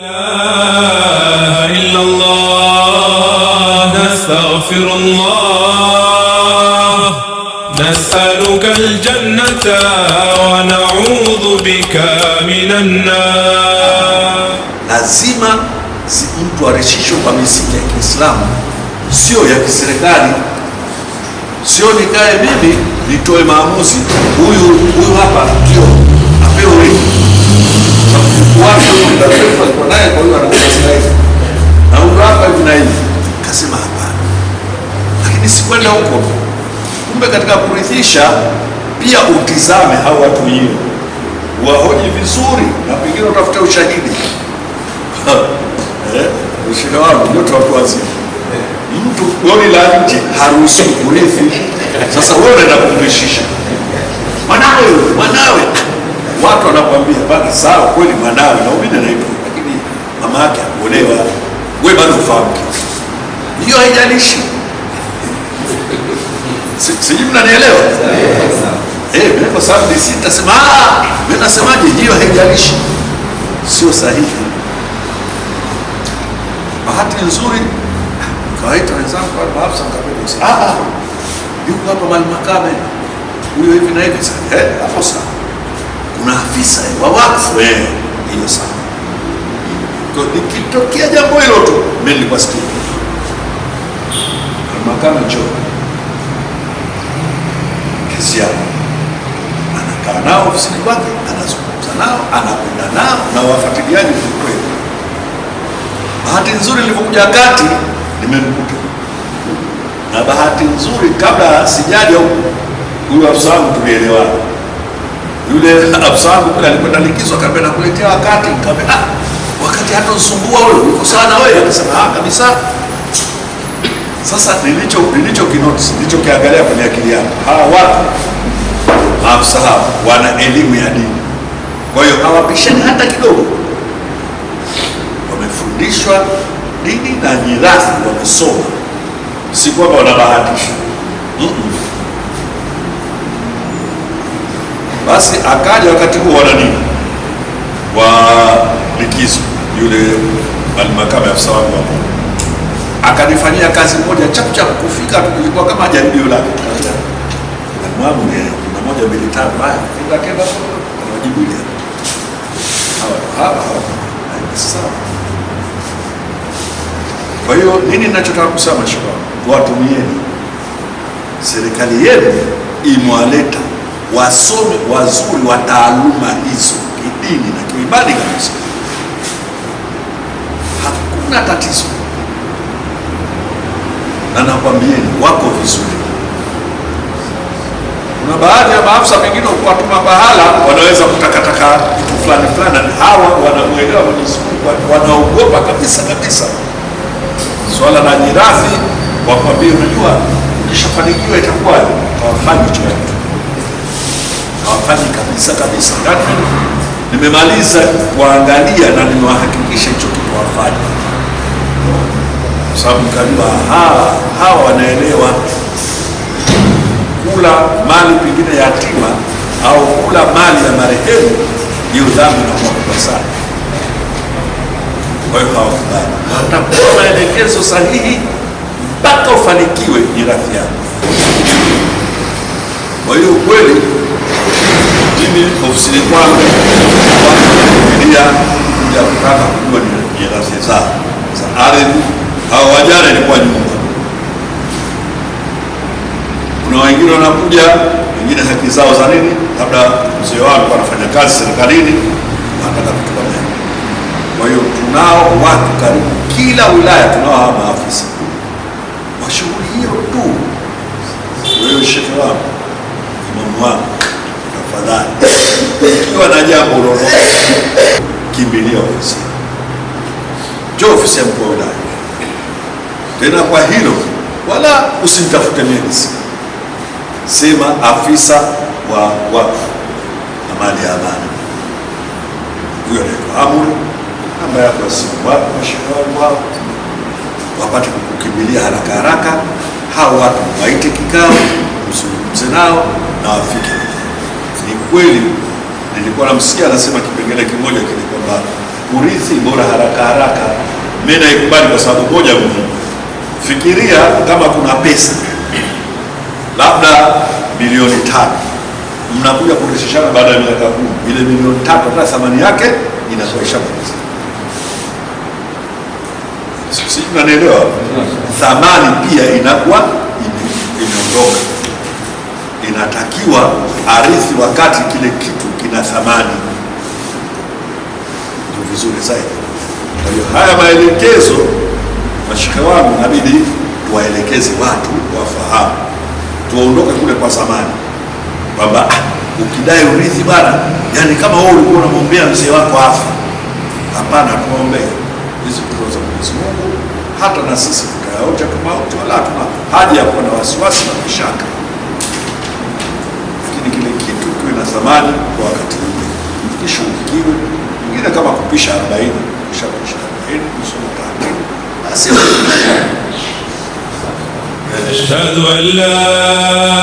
لا إلا الله نستغفر الله نسألك الجنة ونعوذ بك من النار. Lazima mtu arishishwe kwa misingi ya Kiislamu, sio ya kiserikali, sio nikae mimi nitoe maamuzi, huyu huyu hapa ndio apewe wako Kasema hapana, lakini sikwenda huko. Kumbe katika kurithisha pia utizame hao watu wenyewe, wahoji vizuri, na pengine utafute ushahidi eh, wangu nyote watu wazima mtu goli la nje haruhusi kurithi. Sasa wewe unaenda kumrishisha mwanawe, mwanawe watu wanakuambia baki sawa, kweli mwanawe naumini hivyo lakini mama yake akuolewa wewe bado ufahamu kitu. Hiyo haijalishi, sijui mnanielewa eh, kwa sababu sitasema ah, mimi nasemaje, hiyo haijalishi, sio sahihi. Bahati nzuri kawaita wenzangu ah, yuko hapa mali makame huyo hivi na hivi sasa eh hapo, sawa kuna afisa wa wakfu eh, hiyo sana. Kwa nikitokea jambo hilo tu, mimi nilikuwa sikia kama choo kesi yao, anakaa nao ofisini kwake, anazungumza nao, anakwenda nao na wafuatiliaji kweli. Bahati nzuri nilipokuja kati nimemkuta, na bahati nzuri kabla sijaja huko, huyu afisa wangu tulielewana yule afisa wangu kule alikwenda likizo, akaambia nakuletea wakati. Nikamwambia ah, wakati hata usumbua wewe, uko sana wewe. Akasema ah, kabisa. Sasa nilicho nilicho nilicho kiangalia kwenye akili yangu, hawa watu maafisa hawa wana elimu ya dini, kwa hiyo hawapishani hata kidogo, wamefundishwa dini na nyirathi wamesoma, si kwamba wanabahatisha mm -mm. Basi akaja wakati huo wa wa likizo, yule almakama ya afisa wangu hapo akanifanyia kazi moja chapu kufika tu ilikuwa kama jaribio lake ni na moja mbili tatu, haya kenda kenda, anawajibulia hawa hawa hawa, sawa. Kwa hiyo nini ninachotaka kusema shika, watumieni serikali yenu imwaleta wasomi wazuri wa taaluma hizo kidini na kiibadi kabisa, hakuna tatizo, na nakwambieni wako vizuri. Kuna baadhi ya maafisa mengine kuwatuma pahala, wanaweza kutakataka vitu fulani fulani, na hawa wanamwelewa Mwenyezi Mungu, wanaogopa kabisa kabisa swala la nyirathi. Wakwambie, unajua ukishafanikiwa itakuwa tawafanya chochote hawafanyi kabisa kabisa. Lakini nimemaliza kuangalia na nimewahakikisha hicho kitu wafanya, kwa sababu kajua hawa hawa wanaelewa kula mali pengine yatima au kula mali ya marehemu, hiyo dhambi inakuwa kubwa sana. Kwa hiyo hawakubali, watakuwa maelekezo sahihi mpaka ufanikiwe ni rafiki yako. Kwa hiyo kweli nje ofisini kwangu kuja kutaka kujua nirasi zao za ardhi. Hawa wajane ilikuwa nyumba. Kuna wengine wanakuja, wengine haki zao za nini, labda mzee wao alikuwa anafanya kazi serikalini, wanataka kutukomea. Kwa hiyo tunao watu karibu kila wilaya, tunao hawa maafisa wa shughuli hiyo tu. Kwa hiyo shehe wangu, imamu wangu tafadhali, ukiwa na jambo lolote, kimbilia ofisi, njoo ofisi ya mkuu wa wilaya. Tena kwa hilo wala usimtafute mimi, sema afisa wa wakfu na mali ya amani, huyo anaitwa Amuri, namba yako ya simu wapi, wapate kukimbilia haraka haraka. hao watu waite kikao, mzungumze nao na wafike kweli nilikuwa namsikia anasema kipengele kimoja kile kwamba urithi bora haraka haraka. Mimi naikubali kwa sababu moja muhimu. Fikiria kama kuna pesa labda milioni tatu mnakuja kurishishana baada ya miaka kumi, ile milioni tatu hata thamani yake inakuwa kabisa. Sisi tunanielewa, thamani pia inakuwa imeondoka inatakiwa arithi wakati kile kitu kina thamani, ndio vizuri zaidi. Kwa hiyo haya maelekezo, mashika wangu, inabidi tuwaelekeze watu wafahamu, tuondoke kule kwa zamani kwamba ah, ukidai urithi bana, yani kama wewe ulikuwa unamwombea mzee wako afa. Hapana, tuombee hizi kutoka za Mwenyezi Mungu, hata na sisi tukayaonja kama watu, wala hatuna haja ya kuwa na wasiwasi na mashaka. na thamani kwa wakati mwingine. Mpishi ukiwe kama kupisha 40 kisha kupisha 40 nusu basi. Ashhadu an la